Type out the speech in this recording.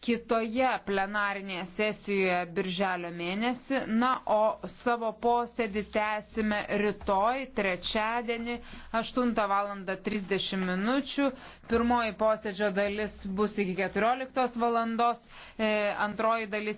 kitoje plenarinėje sesijoje birželio mėnesį, na, o savo posėdį tęsime rytoj, trečiadienį, 8 val. 30 minučių. Pirmoji posėdžio dalis bus iki 14 val. E, antroji dalis